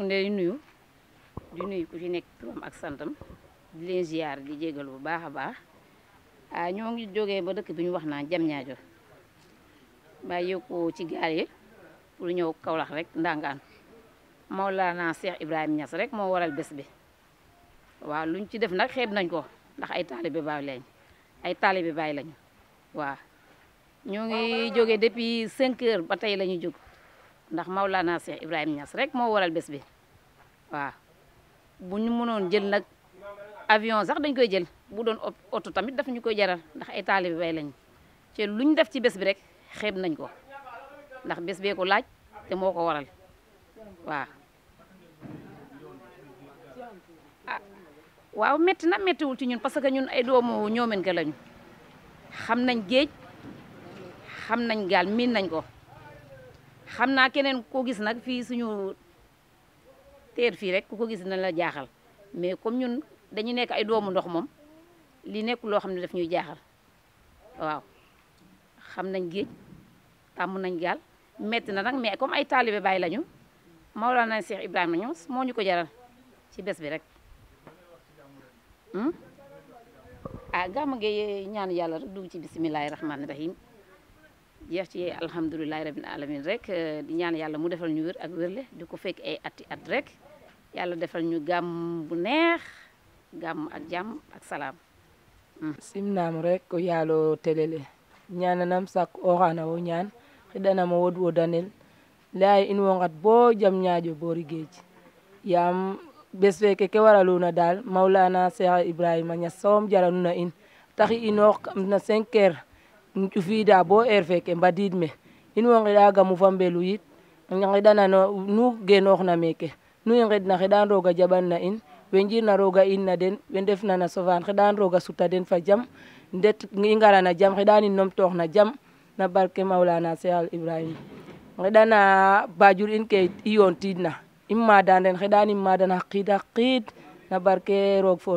ñu nuyu di nuyu ku ci nekk turam ak santam di leen ziar di jégal bu baax a baax ah ñoo ngi jógee ba dëkk bi ñu wax naa jam ñaajo bàyyi ko ci gaal yi pour ñëw Kaolack rek ndàngaan naa Cheikh Ibrahima ñas rek moo waral bés bi waaw luñ ci def nag xeeb nañ ko ndax ay taalibe baay lañ ay taalibe baay lañu waaw ñoo ngi jógee depuis 5 heures ba tey la jóg ndax naa Cheikh ibrahim ñaas rek moo waral bés bi waaw bu ñu mënoon jël nag avion sax dañ koy jël bu doon oto tamit daf ñu koy jaral ndax ay taalibe bay lañ ci lu ñu def ci bés bi rek xeeb nañ ko ndax bés bee ko laaj te moo ko waral waaw ah waaw metti na méttiwul ci ñun parce que ñun ay doomu ñoomen ka lañu xam nañ géej xam nañ gaal miin nañ ko xam naa keneen koo gis nag fii suñu teer fii rek ku ko gis na la jaaxal mais comme ñun dañu nekk ay doomu ndox moom li nekk loo xam ne daf ñuy jaaxal waaw xam nañ géej tàmm nañ gaal metti na nag mais comme ay taalibe bàyyi lañu Mawlana Cheikh Ibrahima Niass moo ñu ko jaral ci bes bi rek hmm? ah gàmm nga ñaan yàlla rek dugg ci bisimilahi rahmaani rahim jeex ci alhamdulilahi rabbil alamin rek euh, di ñaan yàlla mu defal ñu wér ak wérle di ko fekk ay atti at rek yàlla defal ñu gàmm bu neex gàmm ak jàmm ak salaam hmm. simnam rek ko yaalo telele ñaananam sak oxana wo ñaan xiɗanamo wod wo danel in wo ngat bo jam ñaajo boori géej yaam bes feke ke waraluna daal mawlana cheikh ibrahima ñas sawom jaranuna in taxi inoox kam na cinq ncufiida bo heure feke mbadiid me in way nqeɗa gamu fa mbelu yit nqeɗanano nu genooxna meeke nu i nqeɗna xeɗan roog a in we njirna roog inna den we ndefna na sofaan xeɗan roog suta den fa jam ndet i ngara jam xeɗan i numtoox na jam na barke maulana sehal ibrahima nqeɗana bajur in ke i yoontiidna i maadan den xeɗan i maadan xaqiid xaqiid na barke roog fo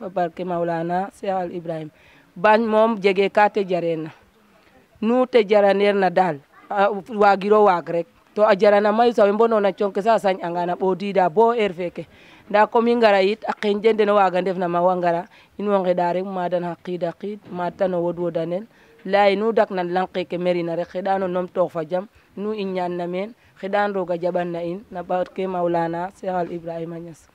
fa barke maulana sehal ibrahima bañ moom jege ka te nuute jaranerna dal wagiro waag rek to a jarana mayu sawe mbonona congke sa sañ'angana ɓodida bo heure feke nda comme i ngara yit a qiin den den waaga ndefna ma wa ngara in way ngeɗa rek madan xa qiid a qiid matan o wodwodanel laye nu merina rek xeɗan o numtoox fa jam nu i ñaanna meen xeɗan roog a jaɓan na in na Maulana Cheikh Al Ibrahima Niass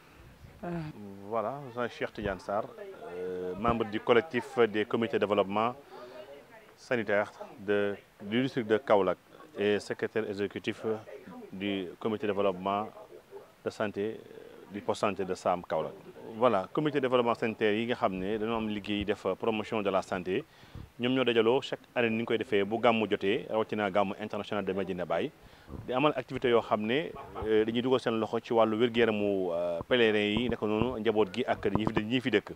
sanitaire de, du district de Kaolack et secretaire exécutif du comité de développement de santé du poste santé de Sam Kaolack. voilà comité de développement sanitaire yi nga xam ne dañoo am liggéey def promotion de la santé ñoom ñoo dajaloo chaque année ni ñu koy defee bu gàmmu jotee rawatina gàmmu international de Medina baay di amal activité yoo xam ne euh, dañuy dugal seen loxo ci wàllu wér-gu-yaramu euh, pèlerin yi nekk noonu njaboot gi ak ñi fi dëkk.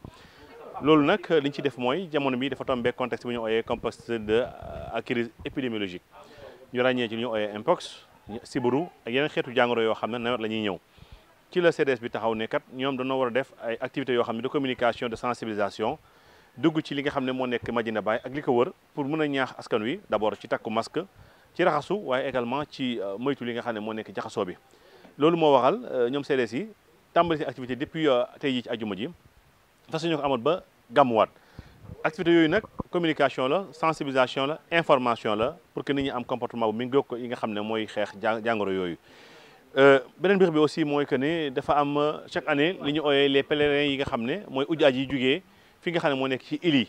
loolu nag li ñu ci def mooy jamono bi dafa tombé contexte bu ñu ooyee compost de à euh, crise épidémiologique ñu ràññee ci li ñu ooyee impox sibiru ak yeneen xeetu jàngoro yoo xam ne nawet la ñuy ñëw ci la CDS bi taxaw ne kat ñoom dañoo war a def ay activités yoo xam ne de communication de sensibilisation dugg ci li nga xam ne moo nekk na Baye ak li ko wër pour mën a ñaax askan wi d'abord ci takku masque ci raxasu waaye également ci euh, moytu li nga xam ne moo nekk jaxasoo bi loolu moo waxal euh, ñoom CDS yi tàmbali activité depuis tey jii ci ajuma ji fas ñu ko amoon ba gàmmuwaat activité yooyu nag communication la sensibilisation la information la pour que ni ñi am comportement bu mi ngi ko yi nga xam ne mooy xeex jàngoro yooyu euh, beneen mbir bi aussi mooy que ne dafa am euh, chaque année li ñu ooyee les pèlerins yi nga xam ne mooy ujaaj yi jógee fi nga xam ne moo nekk ci île yi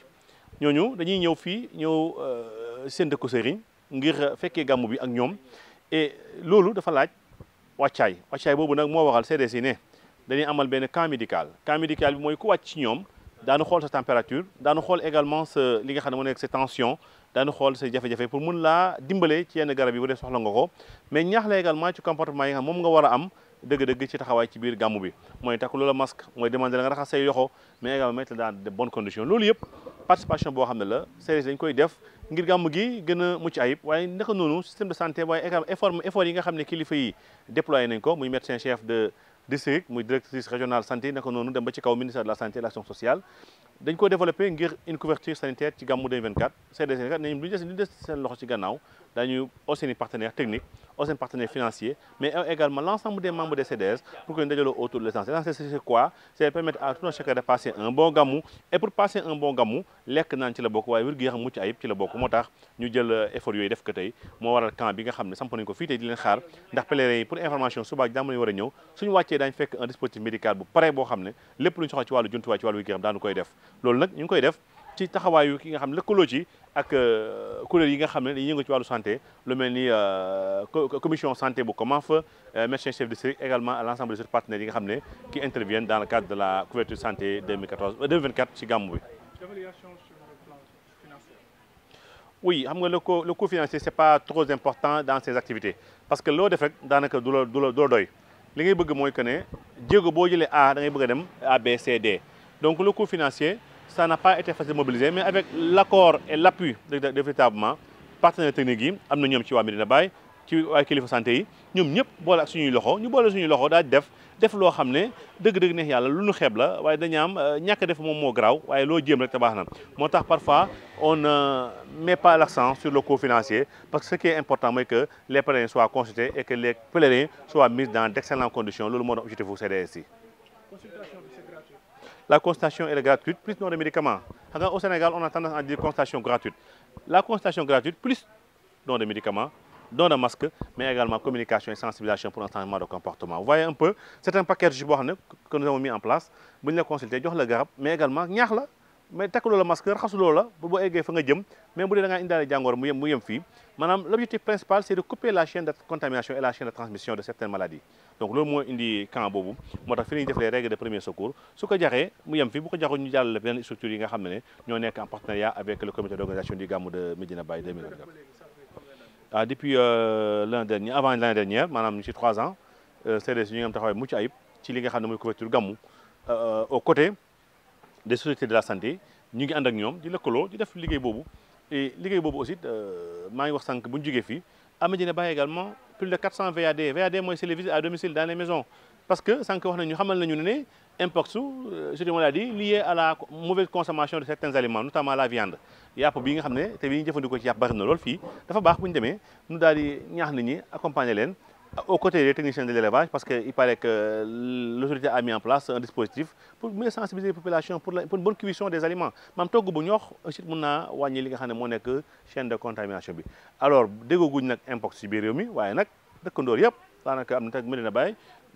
ñooñu dañuy ñëw fii ñëw euh, seen dëkku sëriñ ngir fekkee gàmmu bi ak ñoom et loolu dafa laaj wàccaay wàccaay boobu nag moo waxal CDC ne dañuy amal benn camp médical camp médical bi mooy ku wàcc ci ñoom daanu xool sa température daanu xool également sa li nga xam ne moo nekk sa tension daanu xool sa jafe-jafe ko mais ñaax la également moom nga war a am dëgg-dëgg ci taxawaay ci biir gàmmu bi mooy takk loola masque mooy demandé la nga raxas say loxo mais également mettre dans de bonnes loolu yëpp participation boo xam ne la service dañ koy def ngir gàmm gi gën a mucc ayib waaye naka noonu système de santé waaye également effort effort yi nga xam ne kilifa yi déployé nañ ko muy médecin chef de district muy directrice régionale santé naka noonu dem ba ci kaw ministère de la santé et de l'action sociale dañ ko développé ngir une couverture sanitaire ci gàmmu 2024 CDC nañu lu des lu des seen loxo ci gannaaw daañu aussi ni partenaire technique aussi partenaire financier mais également l'ensemble des membres des CDS pour que ñu dajaloo autour de l'essentiel l'essentiel c'est quoi c'est permettre à tout un chacun de passer un bon gàmmu et pour passer un bon gàmmu lekk naan ci la bokk waaye wér-gu yaram mucc ayib ci la bokk moo tax ñu jël euh, effort yooyu def ko tey moo nga xam ne samp nañu ko fii tey di leen xaar wàccee daañu boo xam ne lépp lu ñu soxla ci koy def loolu nag ñu ngi koy def ci taxawaayu ki nga xam lëkkaloo ci ak euh, kuréel yi nga xam ne dañuy yëngu ci wàllu santé lu mel ni euh, commission santé bu COMAF euh, médecin chef de district également à l'ensemble des partenaires yi nga xam ne qui interviennent dans le cadre de la couverture santé 2014 2024 ci gàmmu bi. xam nga la co le coût financier c'est pas trop important dans ces activités parce que loo def rek daanaka du la du la doy li ngay bëgg mooy que ne jéego boo jëlee A da ngay dem A Donc le coût sa ça n'a pas été facile de mais avec l'accord et l'appui de, de, de, véritablement partenaires techniques, am na ñoom ci waa Medina Baye ci waa kilifa santé yi ñoom ñëpp boole ak suñuy loxo ñu boole suñuy loxo daal def def loo xam ne dëgg-dëgg neex yàlla lu ñu xeeb la waaye dañu am euh, ñàkk def moom moo garaaw waaye loo jéem rek te na moo tax parfois on ne euh, met pas l'accent sur le coût financier parce que ce qui est important mooy que les pèlerins soient consultés et que les pèlerins soient mis dans d'excellentes la constatation est gratuite, plus non de médicaments. Au Sénégal, on a tendance à dire constatation gratuite. La constatation gratuite, plus non de médicaments, don de masque, mais également communication et sensibilisation pour l'enseignement de comportement. Vous voyez un peu, c'est un paquet que nous avons mis en place. Vous le consultez, le garab, mais également, mais takkuloo la masque raxasuloo la bu boo eggee fa nga jëm mais bu dee da ngaa indaale jàngoor mu yem mu yem fii maanaam l' de couper la chaîne de contamination et la chaîne de transmission de certaines maladies donc loolu moo indi camp boobu moo tax fi la def les de premier secours su ko jaxee mu yem fii bu ko jaxul ñu jàllale beneen structure yi nga xam ne ñoo nekk en partenariat avec le comité d' organisation du Gamou de Médina Baye 2024 ah, depuis euh, l'an avant l'année dernière maanaam ci trois ans CDC euh, ñu ngi am des sociétés de la santé ñu ngi ànd ñoom di lëkkaloo di def liggéey boobu et liggéey boobu aussi euh, maa ngi wax sànq bu ñu jógee fii Amadina Ba également plus de 400 VAD VAD mooy service à domicile dans les maisons parce que sànq wax nañu xamal nañu ne impact su c'est euh, une maladie liée à la mauvaise consommation de certains aliments notamment la viande yàpp bi nga xam ne te bi ñu jëfandikoo ci yàpp bari na lool fii dafa baax bu ñu demee ñu daal di ñaax nit ñi leen aux côtés des techniciens de l'élevage, parce qu'il paraît que l'autorité a mis en place un dispositif pour mieux sensibiliser les populations pour, la, pour une bonne cuisson des aliments. Même si nous avons aussi une chaîne de contamination. Alors, dès que nous avons un impact sur le Sibérie, daanaka am na tamit Medina Baye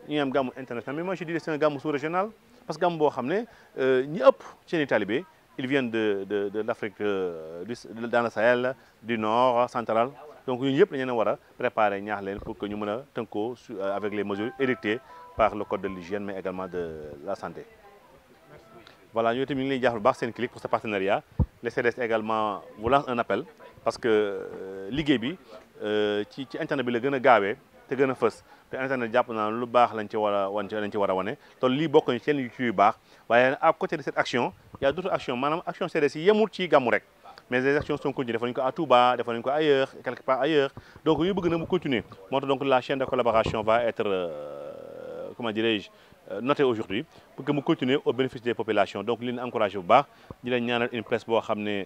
ñu am gàmmu international mais moi je dirais c'est un gàmmu sous-régional parce que gàmmu boo xam ne euh, ñi ëpp seeni talibé ils viennent de de de l'Afrique euh, du dans le Sahel du nord central donc ñun yëpp dañu leen war a préparer ñaax leen pour que ñu mën a tënkoo euh, avec les mesures héritées par le code de l'hygiène mais également de la santé voilà ñoo tamit ñu ngi leen jaafal baax seen clic pour ce partenariat les CDS également vous lance un appel parce que euh, liggéey bi euh, ci ci internet bi la gën a gaawee te gën a fës te internet jàpp naa lu baax lañ ci war wan lañ ci war a wane te lii bokk nañ yu ci yu baax waaye à côté de cette action y a d'autres maanaam action CDS yemul ci gàmmu rek mais les actions sont continues defoon nañu ko à Touba defoon nañu ko ailleurs quelque part ailleurs donc ñu bëgg na mu continuer moo tax donc la chaîne de collaboration va être euh, comment dirais-je euh, notée aujourd'hui pour mu continuer au bénéfice des populations donc li leen bu baax ñu leen ñaanal une presse boo xam ne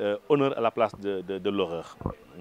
euh, honneur à la place de de de l'horreur